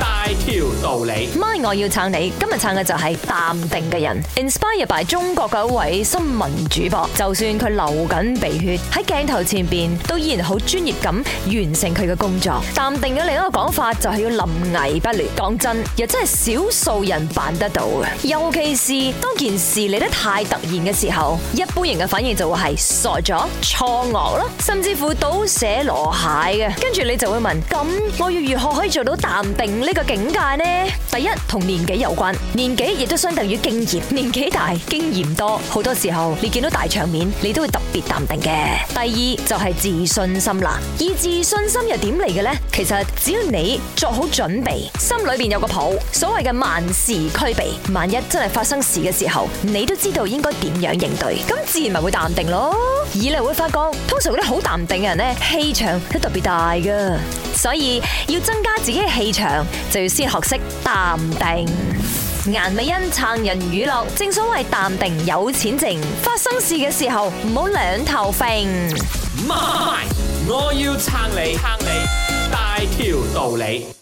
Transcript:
大條道理，咪我要撐你。今日撐嘅就係淡定嘅人。Inspired by 中國嘅一位新聞主播，就算佢流緊鼻血喺鏡頭前邊，都依然好專業咁完成佢嘅工作。淡定嘅另一個講法就係要臨危不亂。講真，又真係少數人辦得到嘅。尤其是當件事嚟得太突然嘅時候，一般人嘅反應就會係傻咗、錯愕咯，甚至乎倒瀉羅蟹嘅。跟住你就會問：咁我要如何可以做到淡定呢？呢個境界呢，第一同年紀有關，年紀亦都相當於經驗，年紀大經驗多，好多時候你見到大場面，你都會特別淡定嘅。第二就係、是、自信心啦，而自信心又點嚟嘅呢？其實只要你做好準備，心裏邊有個譜，所謂嘅萬事俱備，萬一真係發生事嘅時候，你都知道應該點樣應對，咁自然咪會淡定咯。而你會發覺，通常嗰啲好淡定嘅人呢，氣場都特別大噶。所以要增加自己嘅氣場，就要先學識淡定顏恩。顏美恩撐人娛樂，正所謂淡定有錢剩，發生事嘅時候唔好兩頭揈。我要撐你，撐你大條道理。